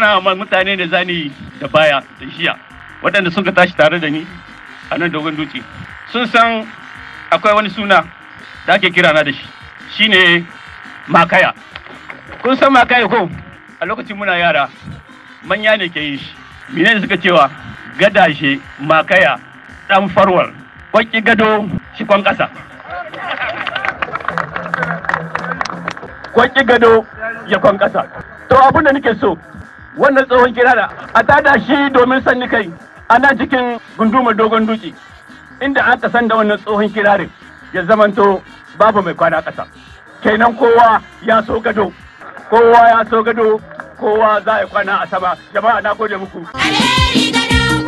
suna ma mutane da zani da baya da jiya waɗanda suka tashi tare da ni a nan dogon duci sun san akwai wani suna da ake kirana da shi shine makaya kun san makaya ko a lokacin muna yara manya ne ke yi shi mine suka cewa gadashe makaya dan farwar kwaki gado shikon ƙasa kwaki gado ya kwan ƙasa to abin da nake so wannan tsohon kirara a tada shi domin sanni kai ana cikin gundumar dogon duki inda aka san da wannan tsohon kirarin ya zamanto babu mai kwana ƙasa kenan kowa ya so gado kowa ya so gado kowa za a kwana a sama jama'a na gode muku